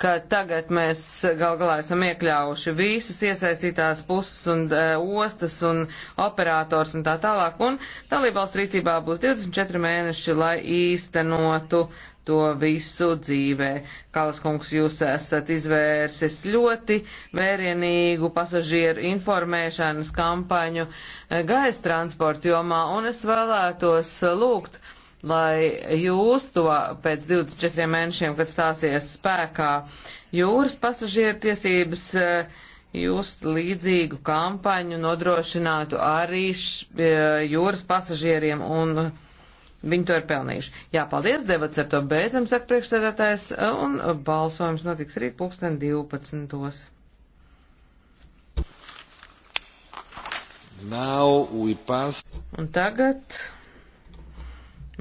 ka tagad mēs gal galā esam iekļāvuši visas iesaistītās puses un uh, ostas un operators un tā tālāk, un dalībvalsts rīcībā būs 24 mēneši, lai īstenotu to visu dzīvē. Kalas kungs, jūs esat izvērsis ļoti vērienīgu pasažieru informēšanas kampaņu e, gaisa transporta jomā, un es vēlētos lūgt, lai jūs to pēc 24 mēnešiem, kad stāsies spēkā jūras pasažieru tiesības, eh, jūs līdzīgu kampaņu nodrošinātu arī eh, jūras pasažieriem un viņi to ir pelnījuši. Jā, paldies, debats ar to beidzam, saka priekšsēdētājs, un balsojums notiks rīt pulksten 12. Now we pass. Un tagad.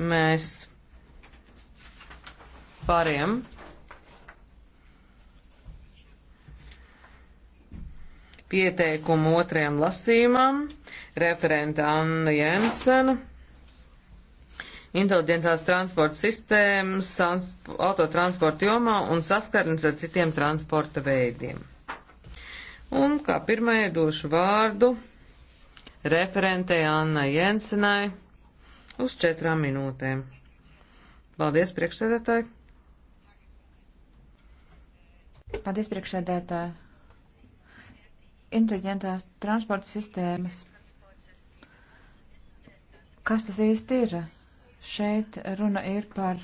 Mēs pāriem pieteikumu otrajam lasījumam, referenta Anna Jensena, inteliģentās transporta sistēmas, autotransporta jomā un saskarnes ar citiem transporta veidiem. Un kā pirmajai došu vārdu referentei Anna Jensenai uz četrām minūtēm. Paldies, priekšsēdētāji! Paldies, priekšsēdētāji! Inteliģentās transporta sistēmas. Kas tas īsti ir? Šeit runa ir par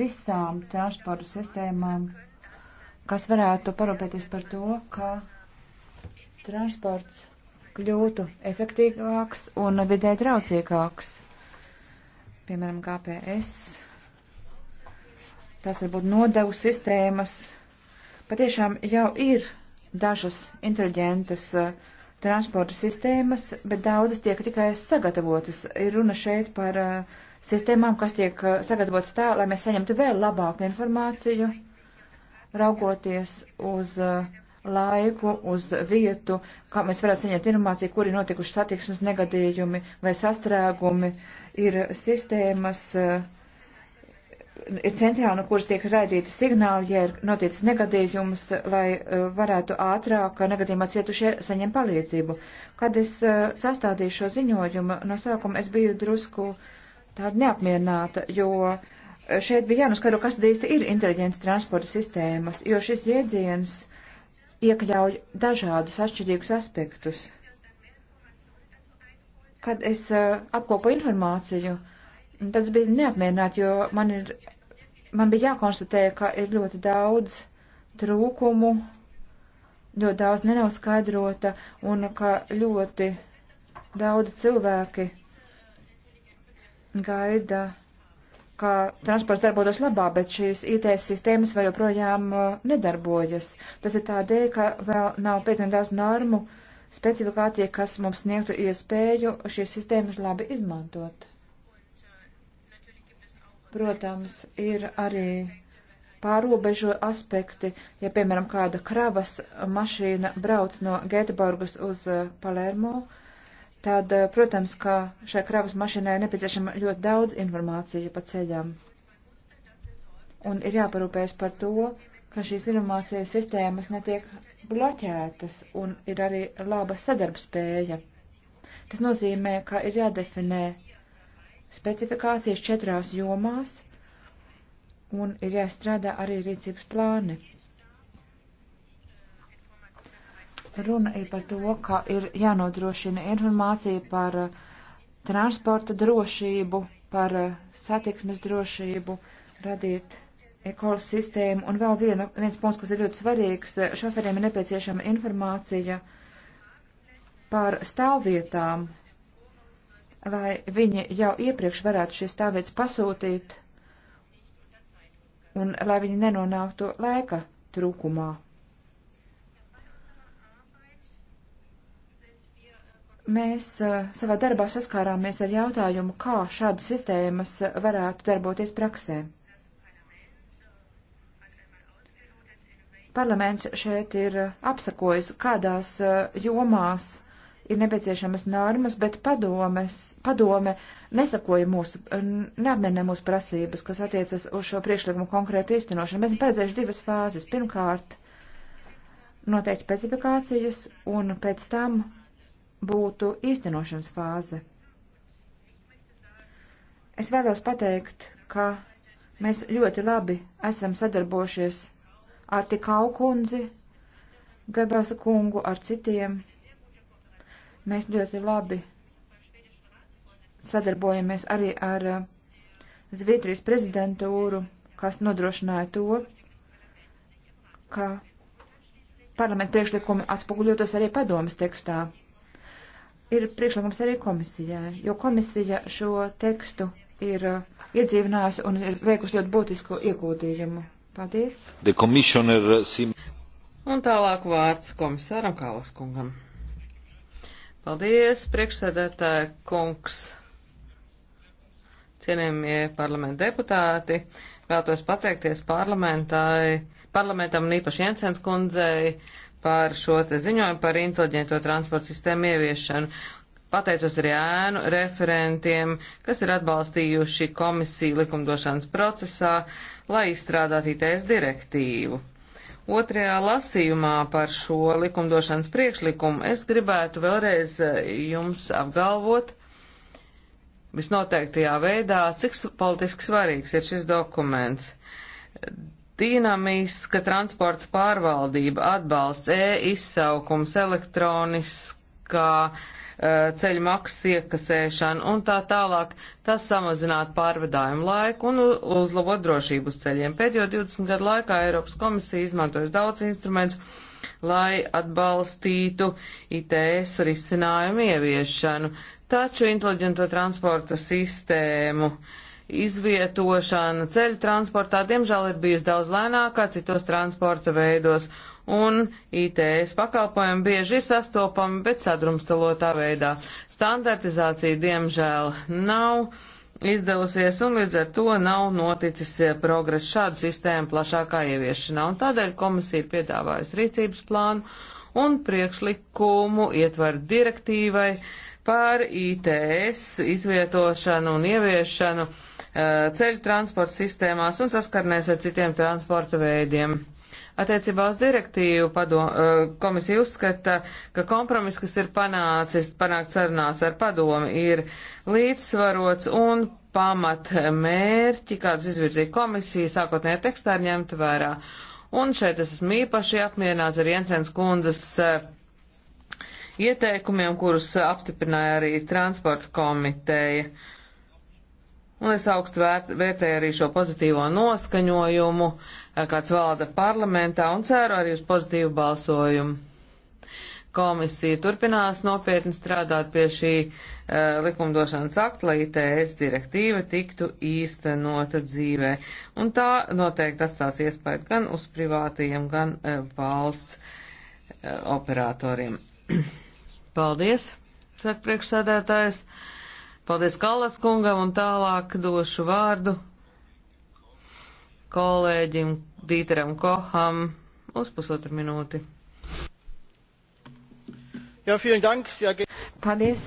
visām transporta sistēmām, kas varētu parūpēties par to, ka transports kļūtu efektīvāks un vidē traucīgāks piemēram, KPS, tas varbūt nodevu sistēmas. Patiešām jau ir dažas inteliģentas uh, transporta sistēmas, bet daudzas tiek tikai sagatavotas. Ir runa šeit par uh, sistēmām, kas tiek uh, sagatavotas tā, lai mēs saņemtu vēl labāku informāciju, raugoties uz uh, laiku, uz vietu, kā mēs varētu saņemt informāciju, kur ir notikuši satiksmes negadījumi vai sastrēgumi. Uh, ir sistēmas, eh, ir centrāli, no kuras tiek raidīti signāli, ja ir noticis negadījums, lai eh, varētu ātrāk negadījumā cietušie saņem palīdzību. Kad es eh, sastādīju šo ziņojumu, no sākuma es biju drusku tāda neapmierināta, jo šeit bija jānoskaidro, kas tad īsti ir inteliģents transporta sistēmas, jo šis jēdziens iekļauj dažādus atšķirīgus aspektus. Kad es eh, apkopu informāciju, tad es biju neapmierināta, jo man, ir, man bija jākonstatē, ka ir ļoti daudz trūkumu, ļoti daudz nenoskaidrota un ka ļoti daudzi cilvēki gaida, ka transports darbotos labā, bet šīs IT sistēmas vēl joprojām eh, nedarbojas. Tas ir tādēļ, ka vēl nav pietiekami daudz normu, uh, specifikācija, kas mums sniegtu iespēju šīs sistēmas labi izmantot. Protams, ir arī pārobežo aspekti, ja, piemēram, kāda kravas mašīna brauc no Gēteborgas uz uh, Palermo, tad, uh, protams, ka šai kravas mašīnai nepieciešama ļoti daudz informācija pa ceļām. Un ir jāparūpējas par to, ka šīs informācijas sistēmas netiek bloķētas un ir arī laba sadarbspēja. Tas nozīmē, ka ir jādefinē specifikācijas četrās jomās un ir jāstrādā arī rīcības plāni. Runa ir par to, ka ir jānodrošina informācija par uh, transporta drošību, par uh, satiksmes drošību, radīt ekolas sistēmu. Un vēl viena, viens punkts, kas ir ļoti svarīgs, šoferiem ir nepieciešama informācija par stāvvietām, lai viņi jau iepriekš varētu šīs stāvvietas pasūtīt un lai viņi nenonāktu laika trūkumā. Mēs uh, savā darbā saskārāmies ar jautājumu, kā šādas sistēmas varētu darboties praksē. Parlaments šeit ir eh, apsakojis, kādās eh, jomās ir nepieciešamas normas, bet padomes, padome nesakoja mūsu, neapmienē mūsu prasības, kas attiecas uz šo priekšlikumu konkrētu īstenošanu. Mēs esam paredzējuši divas fāzes. Pirmkārt, noteikti specifikācijas, un pēc tam būtu īstenošanas fāze. Es vēlos pateikt, ka mēs ļoti labi esam sadarbojušies ar tikau kundzi, Gebelsa kungu, ar citiem. Mēs ļoti labi sadarbojamies arī ar uh, Zviedrijas prezidentūru, kas nodrošināja to, ka parlamenta priekšlikumi atspoguļotos arī padomas tekstā. Ir priekšlikums arī komisijai, jo komisija šo tekstu ir uh, iedzīvinājusi un ir veikusi ļoti būtisku ieguldījumu. Paldies. Commissioner... Uh, un tālāk vārds komisāram Kālas kungam. Paldies, priekšsēdētāja kungs, cienījamie parlamenta deputāti. Vēlētos pateikties parlamentam un īpaši Jensens kundzei par šo te ziņojumu par inteliģento transporta sistēmu ieviešanu. Pateicos arī ēnu referentiem, kas ir atbalstījuši komisiju likumdošanas procesā, lai izstrādātu ITS direktīvu. Otrajā lasījumā par šo likumdošanas priekšlikumu es gribētu vēlreiz eh, jums apgalvot visnoteiktajā veidā, cik politiski svarīgs ir šis dokuments dinamiska transporta pārvaldība, atbalsts e-izsaukums, elektroniska kā e, ceļu maksas iekasēšana un tā tālāk, tas samazinātu pārvadājumu laiku un uzlabot drošību uz ceļiem. Pēdējo 20 gadu laikā Eiropas komisija izmantojas daudz instrumentus, lai atbalstītu ITS risinājumu ieviešanu, taču inteliģento transporta sistēmu izvietošana ceļu transportā, diemžēl, ir bijis daudz lēnākā citos transporta veidos un ITS pakalpojumi bieži ir sastopami, bet sadrumstalotā veidā. Standartizācija, diemžēl, nav izdevusies, un līdz ar to nav noticis eh, progress šādu sistēmu plašākā ieviešanā, un tādēļ komisija ir piedāvājusi rīcības plānu un priekšlikumu ietver direktīvai par ITS izvietošanu un ieviešanu eh, ceļu transporta sistēmās un saskarnēs ar citiem transporta veidiem. Attiecībā uz direktīvu padom, eh, komisija uzskata, ka kompromiss, kas ir panācis, panākt sarunās ar padomu, ir līdzsvarots un pamat mērķi, kādus izvirzīja komisija, sākotnējā tekstā ir ņemta vērā. Un šeit es esmu īpaši apmierināts ar Jensens kundzes eh, ieteikumiem, kurus apstiprināja arī transporta komiteja. Un es augstu vērt, vērtēju arī šo pozitīvo noskaņojumu. Uh, Eh, kāds valda parlamentā un ceru arī uz pozitīvu balsojumu. Komisija turpinās nopietni strādāt pie šī uh, likumdošanas akta, lai ITS direktīva tiktu īstenota dzīvē. Un tā noteikti atstās iespēju gan uz privātajiem, gan uh, valsts uh, operatoriem. Paldies, saka priekšsēdētājs. Paldies Kallas kungam un tālāk došu vārdu kolēģim Dīteram Koham uz pusotru minūti. Jā, ja, dank, jā, ja... Paldies,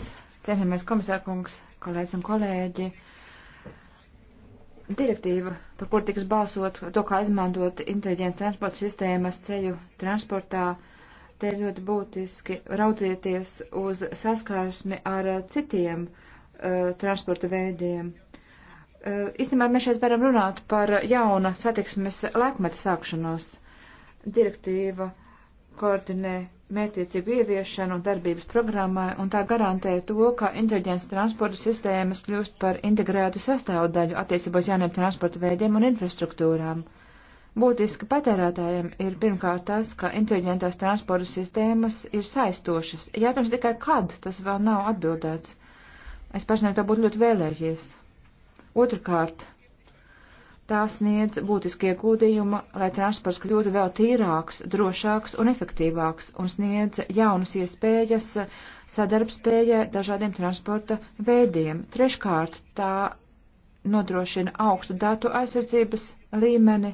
cienījamies komisārkungs, kolēģis un kolēģi. Direktīva, par kur tiks balsot, to, kā izmantot inteliģents transporta sistēmas ceļu transportā, te ir ļoti būtiski raudzieties uz saskarsmi ar citiem uh, transporta veidiem. Eh, īstenībā mēs šeit varam runāt par jauna satiksmes laikmeta sākšanos. Direktīva koordinē mērķiecīgu ieviešanu darbības programmai, un tā garantē to, ka inteliģents transporta sistēmas kļūst par integrētu sastāvdaļu attiecībā uz jauniem transporta veidiem un infrastruktūrām. Būtiski patērētājiem ir pirmkārt tas, ka inteliģentās transporta sistēmas ir saistošas. Jautājums tikai kad tas vēl nav atbildēts. Es pašai to būtu ļoti vēlējies. Otrkārt, tā sniedz būtiski iegūdījumu, lai transports kļūtu vēl tīrāks, drošāks un efektīvāks un sniedz jaunas iespējas sadarbspējai dažādiem transporta veidiem. Treškārt, tā nodrošina augstu datu aizsardzības līmeni,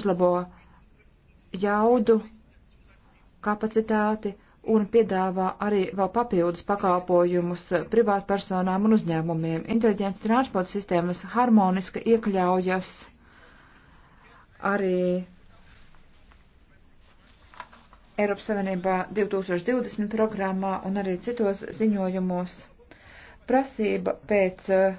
uzlabo jaudu, kapacitāti un piedāvā arī vēl papildus pakalpojumus privātpersonām un uzņēmumiem. Inteliģents transporta sistēmas harmoniski iekļaujas arī Eiropas Savienībā 2020 programmā un arī citos ziņojumos. Prasība pēc uh,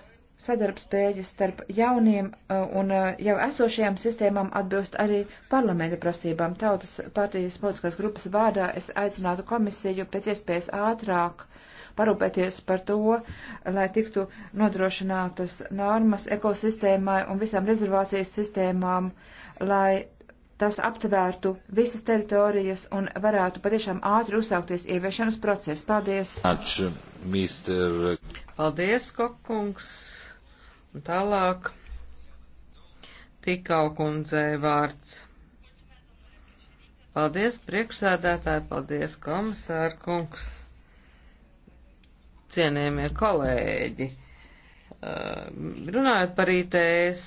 sadarbspējas starp jauniem uh, un uh, jau esošajām sistēmām atbilst arī parlamenta prasībām. Tautas partijas politiskās grupas vārdā es aicinātu komisiju pēc iespējas ātrāk parūpēties par to, lai tiktu nodrošinātas normas ekosistēmai un visām rezervācijas sistēmām, lai tas aptvērtu visas teritorijas un varētu patiešām ātri uzsākties ieviešanas process. Paldies! Paldies, Kokungs! Tālāk tikau kundzei vārds. Paldies priekšsēdētāji, paldies komisāra kungs, cienījamie kolēģi. Uh, runājot par ITS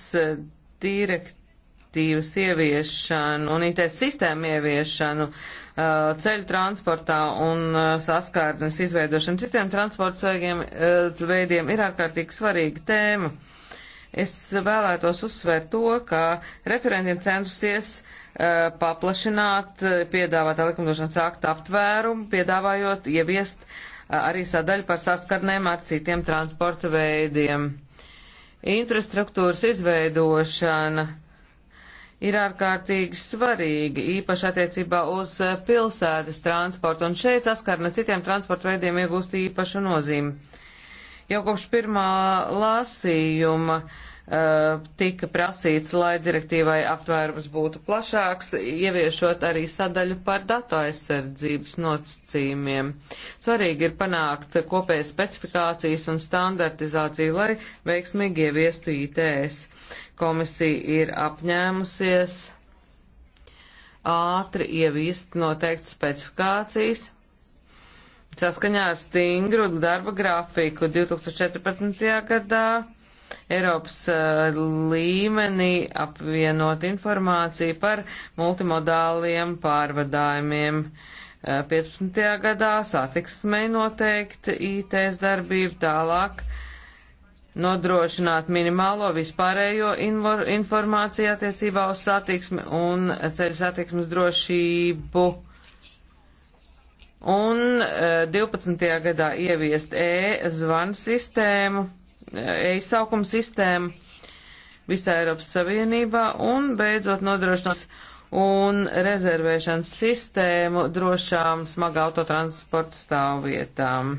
direktīvas ieviešanu un ITS sistēmu ieviešanu, uh, Uh, ceļu transportā un uh, saskārnes izveidošana citiem transporta uh, veidiem ir ārkārtīgi svarīga tēma. Es vēlētos uzsvērt to, ka referentiem cenšas paplašināt piedāvātā likumdošanas akta aptvērumu, piedāvājot ieviest arī sadaļu par saskarnēm ar citiem transporta veidiem. Infrastruktūras izveidošana ir ārkārtīgi svarīgi, īpaši attiecībā uz pilsētas transportu, un šeit saskarne citiem transporta veidiem iegūst īpašu nozīmi. Jau kopš pirmā lasījuma uh, tika prasīts, lai direktīvai aptvērums būtu plašāks, ieviešot arī sadaļu par datu aizsardzības nosacījumiem. Svarīgi ir panākt kopējas specifikācijas un standartizāciju, lai veiksmīgi ieviestu ITS Komisija ir apņēmusies ātri ievīst noteikti specifikācijas saskaņā ar stingru darba grafiku 2014. gadā. Eiropas uh, līmenī apvienot informāciju par multimodāliem pārvadājumiem. Uh, eh, 15. gadā satiksmei noteikti ITS darbība tālāk. Uh, nodrošināt minimālo vispārējo informāciju attiecībā uz satiksmi un ceļu satiksmes drošību. Un 12. E, gadā ieviest e-zvanu sistēmu, e, e-saukumu sistēmu visā Eiropas Savienībā un beidzot nodrošināt un rezervēšanas sistēmu drošām smaga autotransporta stāvvietām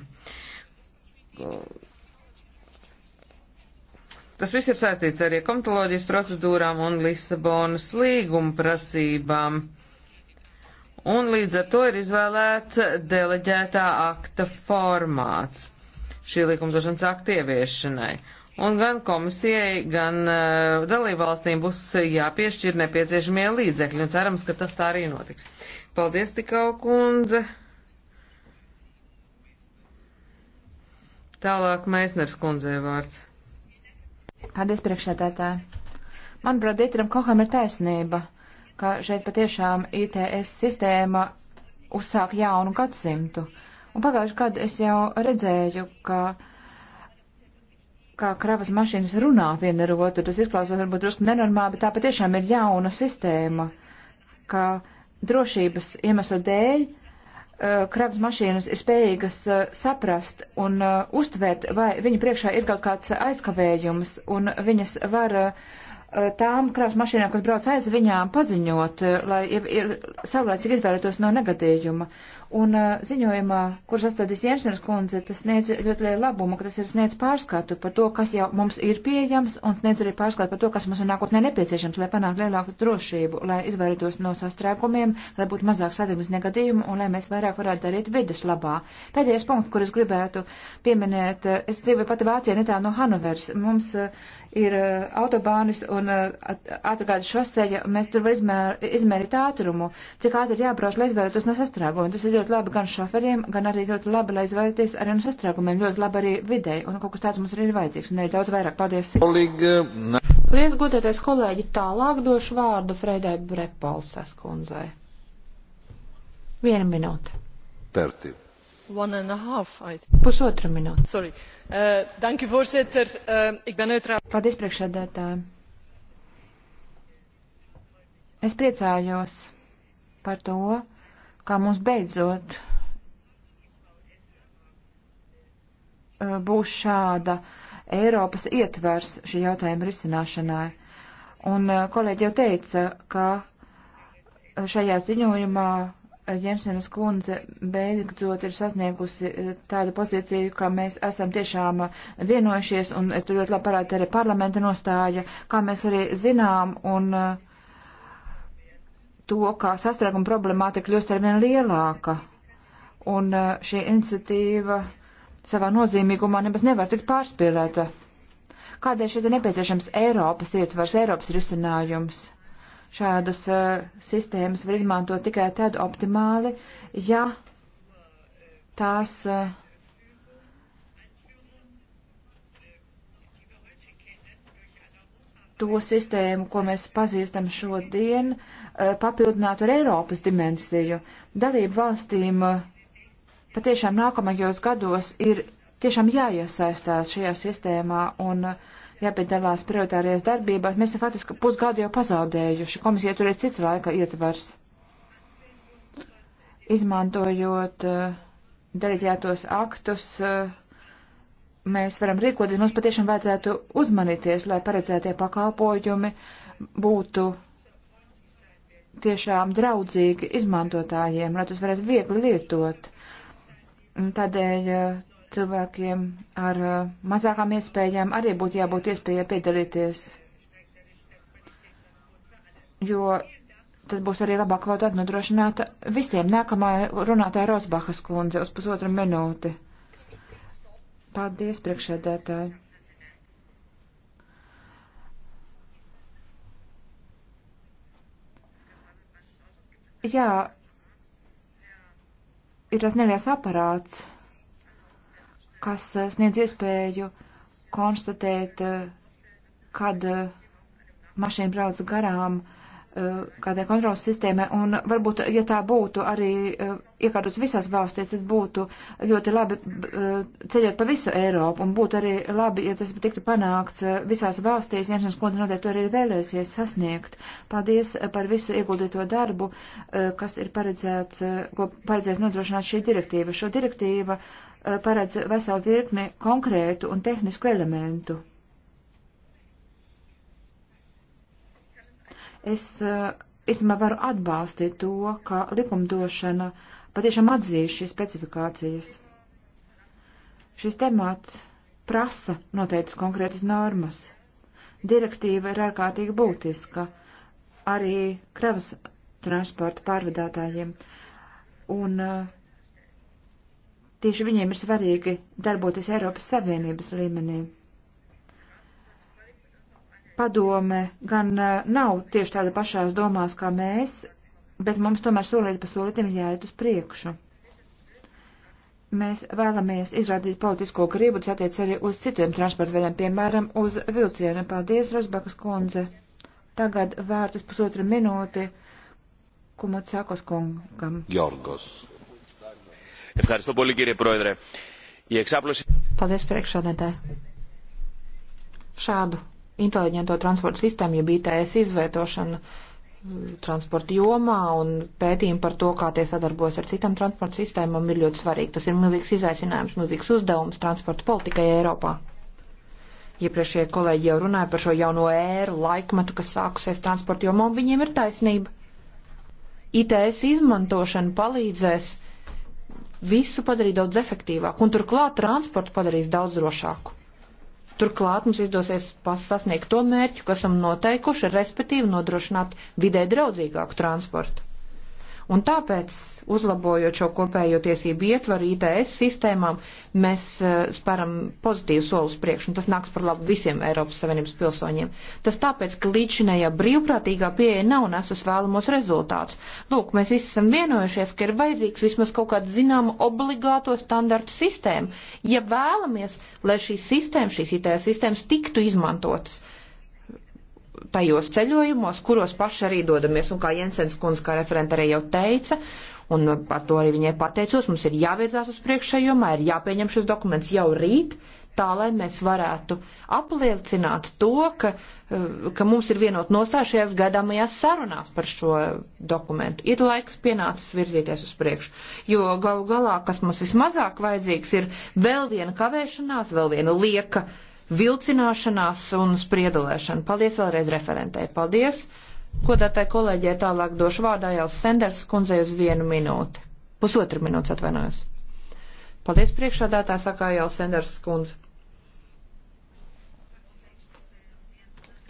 Tas viss ir saistīts arī komitoloģijas procedūrām un Lisabonas līguma prasībām. Un līdz ar to ir izvēlēts deleģētā akta formāts šī likumdošanas akta ieviešanai. Un gan komisijai, gan uh, dalībvalstīm būs jāpiešķir nepieciešamie līdzekļi, un cerams, ka tas tā arī notiks. Paldies, Tikau kundze! Tālāk Meisners kundzei vārds. Paldies, priekšsēdētāji. Manuprāt, Dieteram Koham ir taisnība, ka šeit patiešām ITS sistēma uzsāk jaunu gadsimtu. Un pagājuši gadu es jau redzēju, ka kā kravas mašīnas runā viena ar otru, tas izklausās varbūt drusku nenormāli, bet tā patiešām ir jauna sistēma, ka drošības iemesla dēļ Eh, kravas mašīnas ir spējīgas eh, saprast un eh, uztvērt, vai viņu priekšā ir kaut kāds aizkavējums, un viņas var tām kravas mašīnām, kas brauc aiz viņām, paziņot, lai ir, ir saulēcīgi izvairītos no negadījuma. Un uh, ziņojumā, kur sastādīs Jensenas kundze, tas sniedz ļoti lielu labumu, ka tas ir sniedz pārskatu par to, kas jau mums ir pieejams, un sniedz arī pārskatu par to, kas mums ir nākotnē nepieciešams, lai panāktu lielāku drošību, lai izvairītos no sastrēgumiem, lai būtu mazāk sadarbības negadījumu un lai mēs vairāk varētu darīt vidas labā. Pēdējais punkts, kur es gribētu pieminēt, es dzīvoju pati Vācijā netālu no Hanovers. Mums uh, ir uh, autobānis un ātrgāda šoseja, mēs tur varam izmēr, izmērīt ātrumu, cik ātri jābrauc, lai izvairītos no sastrēgumiem. Tas ir ļoti labi gan šoferiem, gan arī ļoti labi, lai izvairīties arī no sastrēgumiem, ļoti labi arī videi, un kaut kas tāds mums arī ir vajadzīgs, un ir daudz vairāk. Paldies! Paldies, godētais kolēģi, tālāk došu vārdu Freidai Brepalsas kundzei. Viena minūte. Terti. One and a half, I think. Pusotra minūte. Sorry. Uh, thank you, voorzitter. Uh, ik ben uiteraard. Paldies, priekšsēdētāji. Es priecājos par to, kā mums beidzot eh, būs šāda Eiropas ietvers šī jautājuma risināšanai. Un eh, kolēģi jau teica, ka eh, šajā ziņojumā Jensenas kundze beidzot ir sasniegusi tādu pozīciju, ka mēs esam tiešām vienojušies, un tur ļoti labi parāda arī parlamenta nostāja, kā mēs arī zinām, un uh, to, ka sastrēguma problemātika kļūst arvien lielāka. Un eh, šī iniciatīva savā nozīmīgumā nemaz nevar tikt pārspīlēta. Kādēļ šeit ir nepieciešams Eiropas ietvars, Eiropas risinājums? Šādas uh, sistēmas var izmantot tikai tad optimāli, ja tās uh, to sistēmu, ko mēs pazīstam šodien, eh, papildinātu ar Eiropas dimensiju. Dalību valstīm eh, patiešām nākamajos gados ir tiešām jāiesaistās šajā sistēmā un eh, jāpiedalās prioritārajās darbībās. Mēs faktiski pusgadu jau pazaudējuši. Komisija tur ir cits laika ietvars. Izmantojot darītajātos aktus, uh, mēs varam rīkoties, mums patiešām vajadzētu uzmanīties, lai paredzētie pakalpojumi būtu tiešām draudzīgi izmantotājiem, lai tos varētu viegli lietot. Tādēļ eh, cilvēkiem ar eh, mazākām iespējām arī būtu jābūt iespējai piedalīties, jo tas būs arī labāk kvalitāte nodrošināta visiem. Nākamā runātāja Rosbahas kundze uz pusotru minūti. Paldies, priekšēdētāji. Jā, ir tas neliels aparāts, kas eh, sniedz iespēju konstatēt, eh, kad eh, mašīna brauc garām uh, Eh, kādai kontrolas sistēmai, un varbūt, ja tā būtu arī eh, iekārtots visās valstīs, tad būtu ļoti labi eh, ceļot pa visu Eiropu, un būtu arī labi, ja tas tiktu panākts visās valstīs, Jenšens kundze noteikti to arī vēlēsies sasniegt. Paldies par visu ieguldīto darbu, kas ir paredzēts, ko paredzēts nodrošināt šī direktīva. Šo direktīva paredz veselu virkni konkrētu un tehnisku elementu Es īstenībā eh, varu atbalstīt to, ka likumdošana patiešām atzīst šīs specifikācijas. Šis temats prasa noteiktas konkrētas normas. Direktīva ir ārkārtīgi būtiska arī kravas transporta pārvadātājiem, un eh, tieši viņiem ir svarīgi darboties Eiropas Savienības līmenī padome gan nav tieši tāda pašās domās kā mēs, bet mums tomēr solīt pa solītim jāiet uz priekšu. Mēs vēlamies izrādīt politisko gribu, tas attiec arī uz citiem transporta veidiem, piemēram, uz vilcienu. Paldies, Rosbakas kundze. Tagad vārds pusotra minūte Kumatsakos kungam. Jorgos. Ευχαριστώ πολύ κύριε Πρόεδρε. Η εξάπλωση... Paldies, priekšsādētāji. Šādu inteliģento transporta sistēmu, jeb ITS izvietošanu mm, transporta jomā un pētījumi par to, kā tie sadarbojas ar citām transporta sistēmām, ir ļoti svarīgi. Tas ir milzīgs izaicinājums, milzīgs uzdevums transporta politikai Eiropā. Iepriekšējie kolēģi jau runāja par šo jauno ēru laikmetu, kas sākusies transporta jomā, un viņiem ir taisnība. ITS izmantošana palīdzēs visu padarīt daudz efektīvāku, un turklāt transportu padarīs daudz drošāku. Turklāt mums izdosies sasniegt to mērķu, kas esam noteikuši, respektīvi nodrošināt vidē draudzīgāku transportu. Un tāpēc, uzlabojot šo kopējo tiesību ietvaru ITS sistēmām, mēs uh, eh, spēram pozitīvu soli uz priekšu, un tas nāks par labu visiem Eiropas Savienības pilsoņiem. Tas tāpēc, ka līdzinējā brīvprātīgā pieeja nav nesus vēlamos rezultātus. Lūk, mēs visi esam vienojušies, ka ir vajadzīgs vismaz kaut kāda zināma obligāto standartu sistēma, ja vēlamies, lai šīs sistēmas, šīs ITS sistēmas tiktu izmantotas. Uh, tajos ceļojumos, kuros paši arī dodamies, un kā Jensens kundze, kā referenta arī jau teica, un par to arī viņai pateicos, mums ir jāvirzās uz priekšējumā, ir jāpieņem šis dokuments jau rīt, tā lai mēs varētu apliecināt to, ka, eh, ka mums ir vienot nostāja šajās gaidāmajās sarunās par šo dokumentu. Ir laiks pienācis virzīties uz priekšu, jo galu galā, kas mums vismazāk vajadzīgs, ir vēl viena kavēšanās, vēl viena lieka uh, vilcināšanās un spriedulēšanu. Paldies vēlreiz referentei. Paldies. Ko datai kolēģē tālāk došu vārdā jau Senders kundzei uz vienu minūti. Pusotru minūtes atvainojos. Paldies priekšādātā, sakā jau Senders kundze.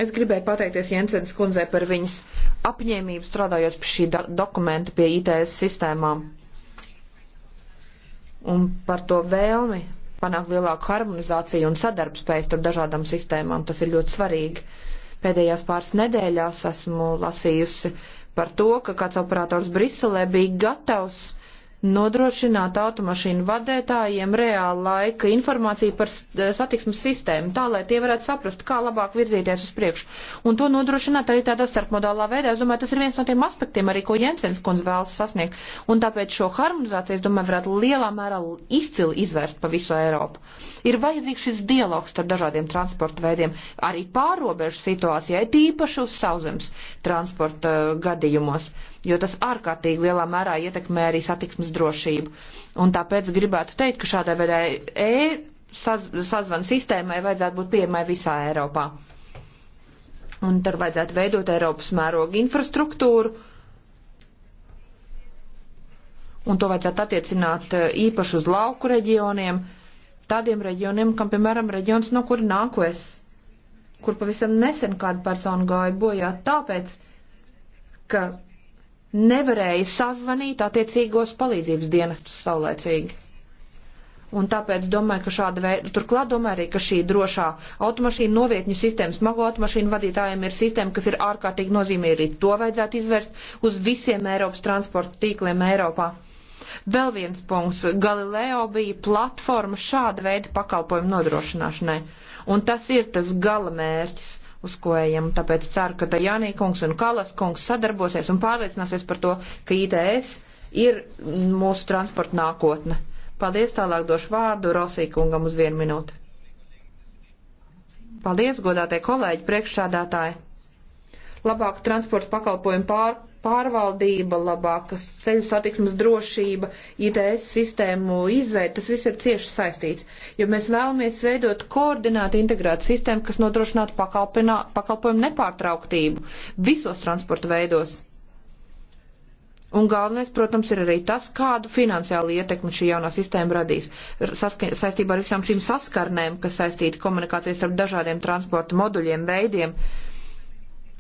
Es gribēju pateikties Jensenas kundzei par viņas apņēmību strādājot pie šī dokumenta, pie ITS sistēmām un par to vēlmi panākt lielāku harmonizāciju un sadarbspējas starp dažādām sistēmām. Tas ir ļoti svarīgi. Pēdējās pāris nedēļās esmu lasījusi par to, ka kāds operators Briselē bija gatavs nodrošināt automašīnu vadētājiem reāla laika informāciju par eh, satiksmes sistēmu, tā lai tie varētu saprast, kā labāk virzīties uz priekšu. Un to nodrošināt arī tādā starpmodālā veidā. Es domāju, tas ir viens no tiem aspektiem arī, ko Jensens kundze vēlas sasniegt. Un tāpēc šo harmonizāciju, es domāju, varētu lielā mērā izcili izvērst pa visu Eiropu. Ir vajadzīgs šis dialogs starp dažādiem transporta veidiem, arī pārobežu situācijai, tīpaši uz sauszemes transporta eh, gadījumos jo tas ārkārtīgi lielā mērā ietekmē arī satiksmes drošību. Un tāpēc gribētu teikt, ka šādai veidai e sazvanu sistēmai vajadzētu būt pieejamai visā Eiropā. Un tur vajadzētu veidot Eiropas mēroga infrastruktūru. Un to vajadzētu attiecināt e, īpaši uz lauku reģioniem, tādiem reģioniem, kam, piemēram, reģions, no kura nāku es, kur pavisam nesen kāda persona gāja bojā, tāpēc, ka nevarēja sazvanīt attiecīgos palīdzības dienestus saulēcīgi. Un tāpēc domāju, ka šāda veida, turklāt domāju arī, ka šī drošā automašīna novietņu sistēma smago automašīnu vadītājiem ir sistēma, kas ir ārkārtīgi nozīmīga. Arī to vajadzētu izvērst uz visiem Eiropas transporta tīkliem Eiropā. Vēl viens punkts. Galileo bija platforma šāda veida pakalpojumu nodrošināšanai. Un tas ir tas gala mērķis uz ko ejam. Tāpēc ceru, ka Tajānī kungs un Kalas kungs sadarbosies un pārliecināsies par to, ka ITS ir mūsu transporta nākotne. Paldies, tālāk došu vārdu Rosī kungam uz vienu minūti. Paldies, godātie kolēģi, priekšsādātāji. Labāku transporta pakalpojumu pār pārvaldība, labākas ceļu satiksmes drošība, ITS sistēmu izveid, tas viss ir cieši saistīts, jo mēs vēlamies veidot koordinātu integrētu sistēmu, kas nodrošinātu pakalpojumu nepārtrauktību visos transporta veidos. Un galvenais, protams, ir arī tas, kādu finansiālu ietekmi šī jaunā sistēma radīs Saska saistībā ar visām šīm saskarnēm, kas saistīta komunikācijas ar dažādiem transporta moduļiem, veidiem. Uh,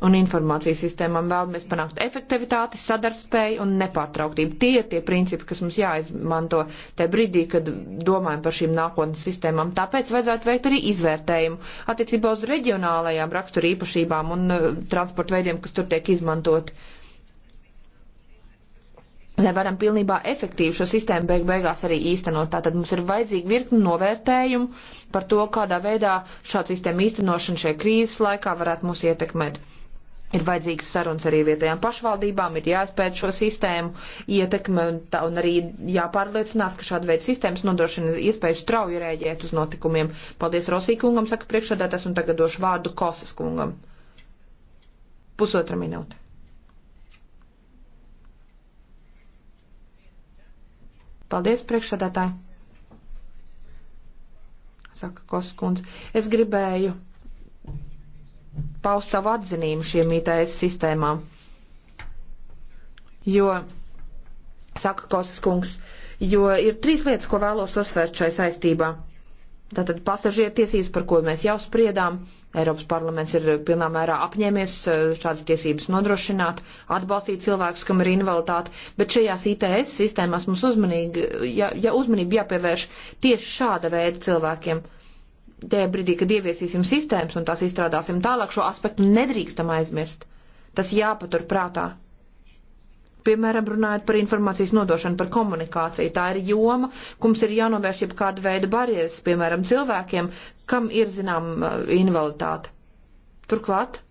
un informācijas sistēmām vēlamies panākt efektivitāti, sadarbspēju un nepārtrauktību. Tie ir tie principi, kas mums jāizmanto te brīdī, kad domājam par šīm nākotnes sistēmām. Tāpēc vajadzētu veikt arī izvērtējumu attiecībā uz reģionālajām rakstura īpašībām un uh, transporta veidiem, kas tur tiek izmantoti. Lai varam pilnībā efektīvi šo sistēmu beig beigās arī īstenot. Tātad mums ir vajadzīgi virkni novērtējumu par to, kādā veidā šāda sistēma īstenošana šajā krīzes laikā varētu mūs ietekmēt. Ir vajadzīgs sarunas arī vietējām pašvaldībām, ir jāizpēt šo sistēmu ietekme un, tā, un arī jāpārliecinās, ka šāda veida sistēmas nodrošina iespēju strauji rēģēt uz notikumiem. Paldies Rosī kungam, saka priekšsēdētājs, un tagad došu vārdu Kosas kungam. Pusotra minūte. Paldies priekšsēdētāji, saka Kosas kungs. Es gribēju paust savu atzinību šiem ITS sistēmām. Jo, saka Kosas kungs, jo ir trīs lietas, ko vēlos uzsvērt šai saistībā. Tātad pasažieru tiesības, par ko mēs jau spriedām, Eiropas parlaments ir pilnā mērā apņēmies eh, šādas tiesības nodrošināt, atbalstīt cilvēkus, kam ir invaliditāte, bet šajās ITS sistēmās mums uzmanīgi, ja, ja uzmanība jāpievērš tieši šāda veida cilvēkiem tajā brīdī, kad ieviesīsim sistēmas un tās izstrādāsim tālāk, šo aspektu nedrīkstam aizmirst. Tas jāpatur prātā. Piemēram, runājot par informācijas nodošanu, par komunikāciju. Tā ir joma, mums ir jānovērš jau kāda veida barjeras, piemēram, cilvēkiem, kam ir zinām invaliditāte. Turklāt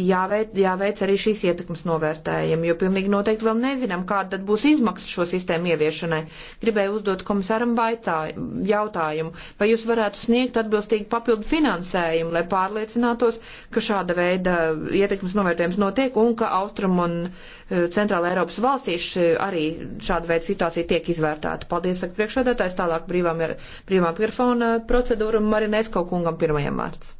jāveic, jāveic arī šīs ietekmes novērtējumi, jo pilnīgi noteikti vēl nezinām, kāda tad būs izmaksa šo sistēmu ieviešanai. Gribēju uzdot komisāram baitā, jautājumu, vai jūs varētu sniegt atbilstīgi papildu finansējumu, lai pārliecinātos, ka šāda veida ietekmes novērtējums notiek un ka Austrum un e, Centrāla Eiropas valstīs arī šāda veida situācija tiek izvērtēta. Paldies, saka priekšādātājs, tālāk brīvā, brīvā mikrofona procedūra Marinesko kungam pirmajam mārts.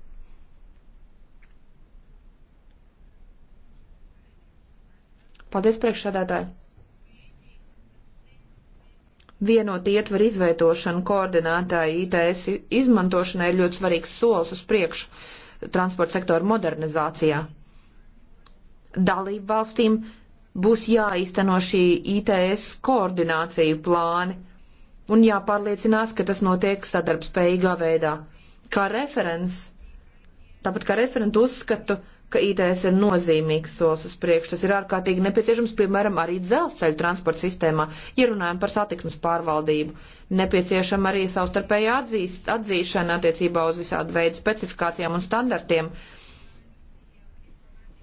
Paldies, priekšsēdētāji! Vienot ietvaru izveidošanu koordinētāji ITS izmantošanai ir ļoti svarīgs solis uz priekšu transporta sektora modernizācijā. Dalību valstīm būs jāīsteno šī ITS koordinācija plāni un jāpārliecinās, ka tas notiek sadarbspējīgā veidā. Kā referents, tāpat kā referentu uzskatu, ka ITS ir nozīmīgs solis uz priekšu. Tas ir ārkārtīgi nepieciešams, piemēram, arī dzelzceļu transporta sistēmā, ja runājam par satiksmes pārvaldību. Nepieciešama arī savstarpēja atzīst, atzīšana attiecībā uz visādu veidu specifikācijām un standartiem.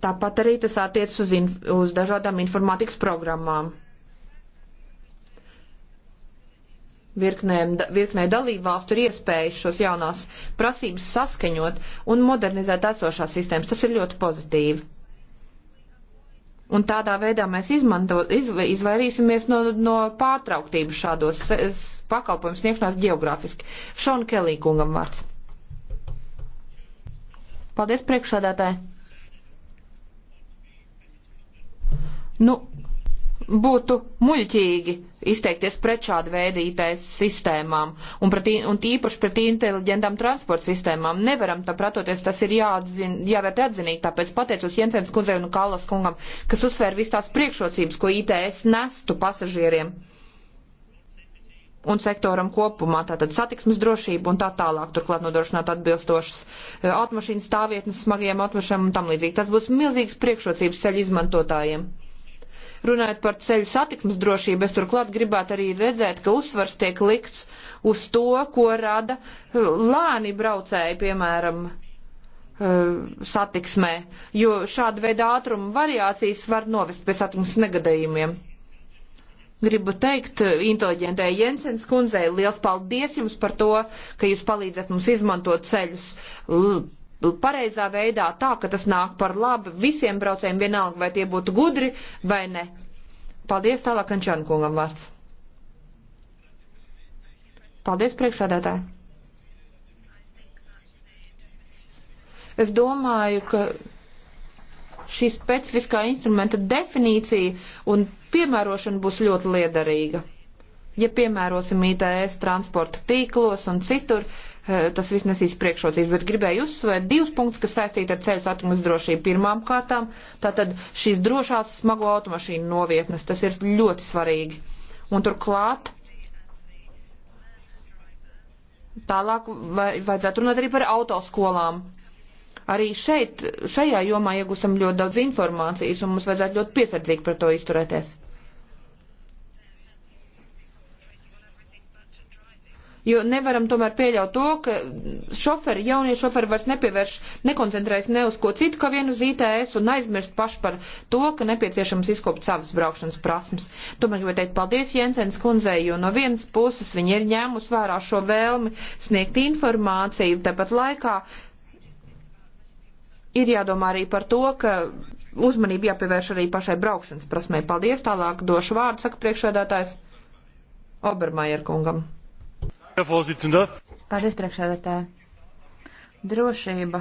Tāpat arī tas attiec uz, inf uz dažādām informātikas programmām. virknēm, virknē dalību valstu ir iespējas šos jaunās prasības saskaņot un modernizēt esošās sistēmas. Tas ir ļoti pozitīvi. Un tādā veidā mēs izmanto, iz, izvairīsimies no, no pārtrauktību šādos pakalpojumu sniegšanās geogrāfiski. Šona Kelī kungam vārds. Paldies priekšādātāji. Nu, būtu muļķīgi izteikties pret šādu veidu ITS sistēmām un, pret, un īpaši pret inteliģentām transporta sistēmām. Nevaram tam pratoties, tas ir jāatzin, jāvērt atzinīgi, tāpēc pateicos Jensens kundzei un Kallas kungam, kas uzsvēra vis tās priekšrocības, ko ITS nestu pasažieriem un sektoram kopumā, tātad satiksmes drošība un tā tālāk, turklāt nodrošināt atbilstošas e, automašīnas stāvvietnes smagajiem automašīnām un tam līdzīgi. Tas būs milzīgs priekšrocības ceļu izmantotājiem. Runājot par ceļu satiksmes drošību, es turklāt gribētu arī redzēt, ka uzsvars tiek likts uz to, ko rada eh, lēni braucēji, piemēram, eh, satiksmē, jo šāda veida ātruma variācijas var novest pie satiksmes negadījumiem. Gribu teikt eh, inteliģentai Jensens kundzei liels paldies jums par to, ka jūs palīdzat mums izmantot ceļus pareizā veidā, tā, ka tas nāk par labu visiem braucējiem vienalga, vai tie būtu gudri vai ne. Paldies tālāk Ančānu kungam vārds. Paldies priekšādātāji. Es domāju, ka šī specifiskā instrumenta definīcija un piemērošana būs ļoti liederīga. Ja piemērosim ITS transporta tīklos un citur, uh, Eh, tas viss nesīs priekšrocības, bet gribēju uzsvērt divus punktus, kas saistīti ar ceļu satiksmes drošību. Pirmām kārtām, tātad šīs drošās smago automašīnu novietnes, tas ir ļoti svarīgi. Un turklāt tālāk vajadzētu runāt arī par autoskolām. Arī šeit, šajā jomā iegūstam ļoti daudz informācijas, un mums vajadzētu ļoti piesardzīgi par to izturēties. jo nevaram tomēr pieļaut to, ka šoferi, jaunie šoferi vairs nepievērš, nekoncentrējas ne uz ko citu, kā vien uz ITS un aizmirst paši par to, ka nepieciešams izkopt savas braukšanas prasmes. Tomēr gribētu teikt paldies Jensens kundzei, jo no vienas puses viņi ir ņēmus vērā šo vēlmi sniegt informāciju, tāpat laikā ir jādomā arī par to, ka uzmanība jāpievērš arī pašai braukšanas prasmei. Paldies, tālāk došu vārdu, saka priekšēdātājs Obermajer kungam. Paldies, priekšsēdētāji. Drošība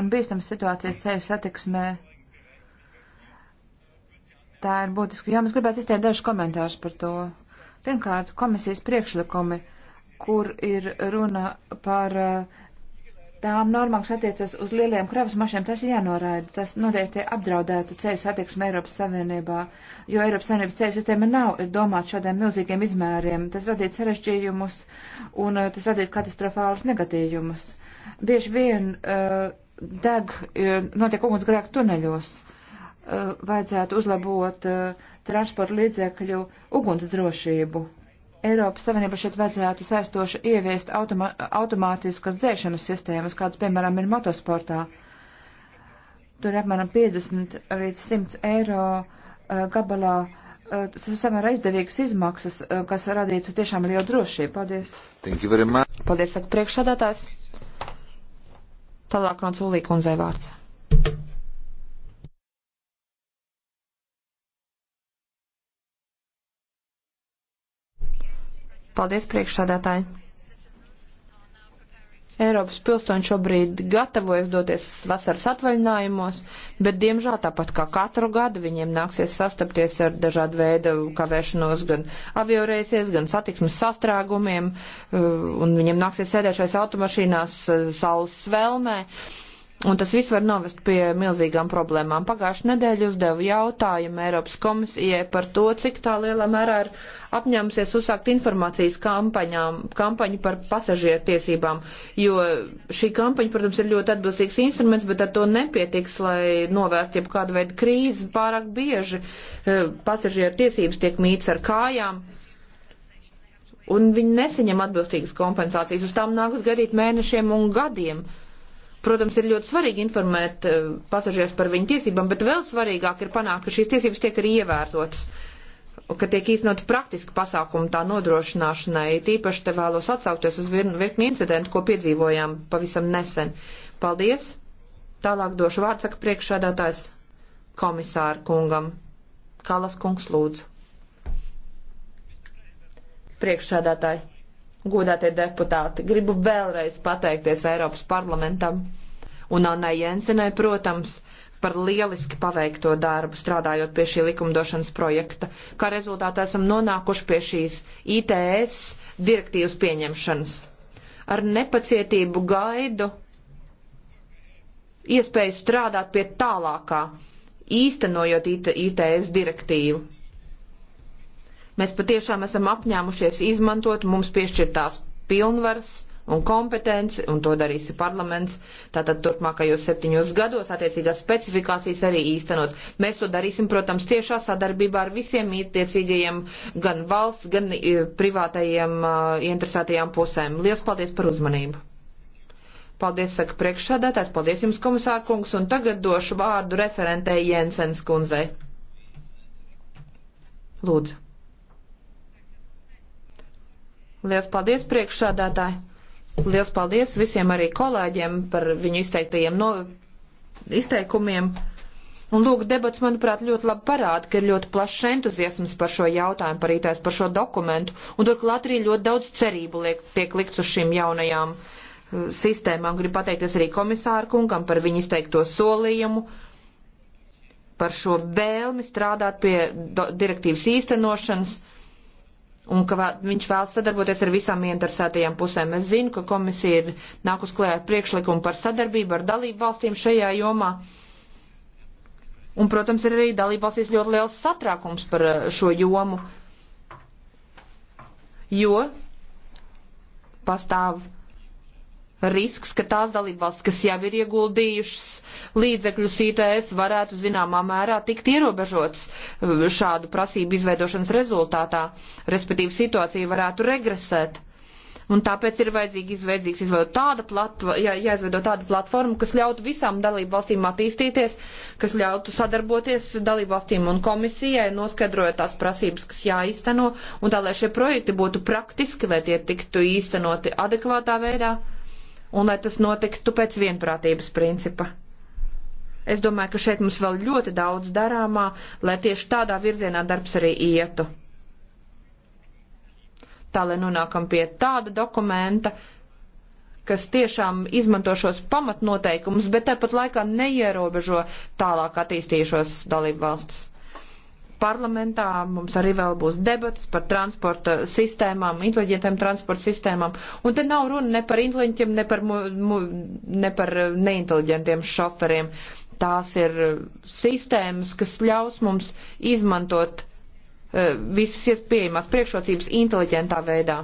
un bīstamas situācijas ceļu satiksmē. Tā ir būtiska. Jā, mēs gribētu izteikt dažus komentārus par to. Pirmkārt, komisijas priekšlikumi, kur ir runa par uh, tām normām, kas attiecas uz lieliem kravas mašiem, tas ir jānoraida. Tas noteikti apdraudētu ceļu satiksmi Eiropas Savienībā, jo Eiropas Savienības ceļu sistēma nav ir domāta šādiem milzīgiem izmēriem. Tas radītu sarežģījumus un uh, tas radītu katastrofālus negatījumus. Bieži vien uh, deg, uh, notiek ugunsgrēku tuneļos. Uh, vajadzētu uzlabot uh, transporta līdzekļu ugunsdrošību Eiropas Savienība šeit vajadzētu saistoši ieviest automa automātiskas dzēšanas sistēmas, kādas, piemēram, ir motosportā. Tur ir apmēram 50 līdz 100 eiro uh, gabalā. Uh, tas ir samērā izdevīgas izmaksas, uh, kas radītu tiešām lielu drošību. Paldies. Paldies, saka priekšsādātājs. Tālāk no Cūlīkundzei vārds. Paldies, priekšsādātāji! Eiropas pilsoņi šobrīd gatavojas doties vasaras atvaļinājumos, bet, diemžēl, tāpat kā katru gadu, viņiem nāksies sastapties ar dažādu veidu kavēšanos, gan avioreisies, gan satiksmes sastrēgumiem, uh, un viņiem nāksies sēdēt šais automašīnās uh, saules svelmē. Un tas viss var novest pie milzīgām problēmām. Pagājušā nedēļa uzdevu jautājumu Eiropas komisijai par to, cik tā lielā mērā ir apņēmusies uzsākt informācijas kampaņām, kampaņu par pasažieru tiesībām, jo šī kampaņa, protams, ir ļoti atbilstīgs instruments, bet ar to nepietiks, lai novērst jau kādu veidu krīzi. Pārāk bieži eh, pasažieru tiesības tiek mīts ar kājām un viņi nesaņem atbilstīgas kompensācijas. Uz tām nākas gadīt mēnešiem un gadiem. Protams, ir ļoti svarīgi informēt eh, pasažierus par viņu tiesībām, bet vēl svarīgāk ir panākt, ka šīs tiesības tiek arī ievērtotas, ka tiek īstenot praktiski pasākumi tā nodrošināšanai. Tīpaši te vēlos atsaukties uz virkni incidentu, ko piedzīvojām pavisam nesen. Paldies! Tālāk došu vārdu saka priekšsēdētājs komisāra kungam. Kalas kungs lūdzu. Priekšsēdētāji godātie deputāti, gribu vēlreiz pateikties Eiropas parlamentam un Annai Jensenai, protams, par lieliski paveikto darbu strādājot pie šī likumdošanas projekta, kā rezultātā esam nonākuši pie šīs ITS direktīvas pieņemšanas. Ar nepacietību gaidu iespēju strādāt pie tālākā, īstenojot ITS direktīvu. Mēs patiešām esam apņēmušies izmantot mums piešķirtās pilnvaras un kompetenci, un to darīs parlaments. Tātad turpmākajos septiņos gados attiecīgās specifikācijas arī īstenot. Mēs to darīsim, protams, tiešā sadarbībā ar visiem attiecīgajiem gan valsts, gan e, privātajiem uh, interesētajām pusēm. Lielas paldies par uzmanību! Paldies, saka priekšsādātājs, paldies jums, komisārkungs, un tagad došu vārdu referentei Jensens kundzei. Lūdzu. Liels paldies priekšsādātāji! Liels paldies visiem arī kolēģiem par viņu izteiktajiem no, izteikumiem. Un lūk, debats, manuprāt, ļoti labi parāda, ka ir ļoti plašs entuziasms par šo jautājumu, par ITS, par šo dokumentu, un turklāt arī ļoti daudz cerību liek, tiek likts uz šīm jaunajām uh, sistēmām. Gribu pateikties arī komisāru kungam par viņu izteikto solījumu, par šo vēlmi strādāt pie direktīvas īstenošanas un ka vēl, viņš vēlas sadarboties ar visām interesētajām pusēm. Es zinu, ka komisija ir nākus klējā priekšlikumu par sadarbību ar dalību valstīm šajā jomā. Un, protams, ir arī dalību valstīs ļoti liels satrākums par eh, šo jomu, jo pastāv risks, ka tās dalībvalstis, kas jau ir ieguldījušas līdzekļus ITS, varētu zināmā mērā tikt ierobežotas uh, šādu prasību izveidošanas rezultātā, respektīvi situācija varētu regresēt. Un tāpēc ir vajadzīgi izveidzīgs izveidot tāda platva, jā, jāizveido tāda platforma, kas ļautu visām dalību valstīm attīstīties, kas ļautu sadarboties dalību valstīm un komisijai, noskaidrojot tās prasības, kas jāīsteno, un tā, lai šie projekti būtu praktiski, lai tie tiktu īstenoti adekvātā veidā un lai tas notiktu pēc vienprātības principa. Es domāju, ka šeit mums vēl ļoti daudz darāmā, lai tieši tādā virzienā darbs arī ietu. Tā, lai nonākam pie tāda dokumenta, kas tiešām izmanto šos pamatnoteikumus, bet tāpat laikā neierobežo tālāk attīstījušos dalību valstis parlamentā mums arī vēl būs debatas par transporta sistēmām, inteliģentiem transporta sistēmām. Un te nav runa ne par inteliģentiem, ne par, mu, mu, ne par eh, neinteliģentiem šoferiem. Tās ir eh, sistēmas, kas ļaus mums izmantot uh, visas iespējamās priekšrocības inteliģentā veidā.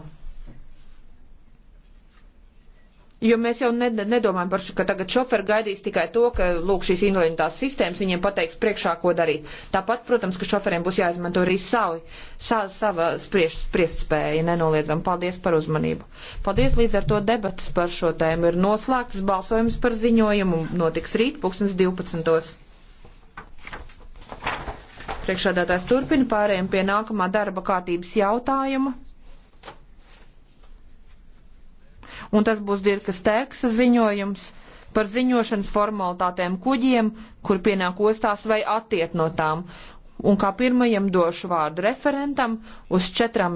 Jo mēs jau nedomājam par šo, ka tagad šoferi gaidīs tikai to, ka, lūk, šīs invaliditātes sistēmas viņiem pateiks priekšā, ko darīt. Tāpat, protams, ka šoferiem būs jāizmanto arī savi, sa, sava spriež, spriestspēja, nenoliedzam. Paldies par uzmanību. Paldies, līdz ar to debatas par šo tēmu ir noslēgts, balsojums par ziņojumu notiks rīt, 2012. Priekšādātājs turpina pārējiem pie nākamā darba kārtības jautājuma. un tas būs Dirkas Terksa ziņojums par ziņošanas formalitātēm kuģiem, kur pienāk ostās vai attiet no tām. Un kā pirmajam došu vārdu referentam uz četrām.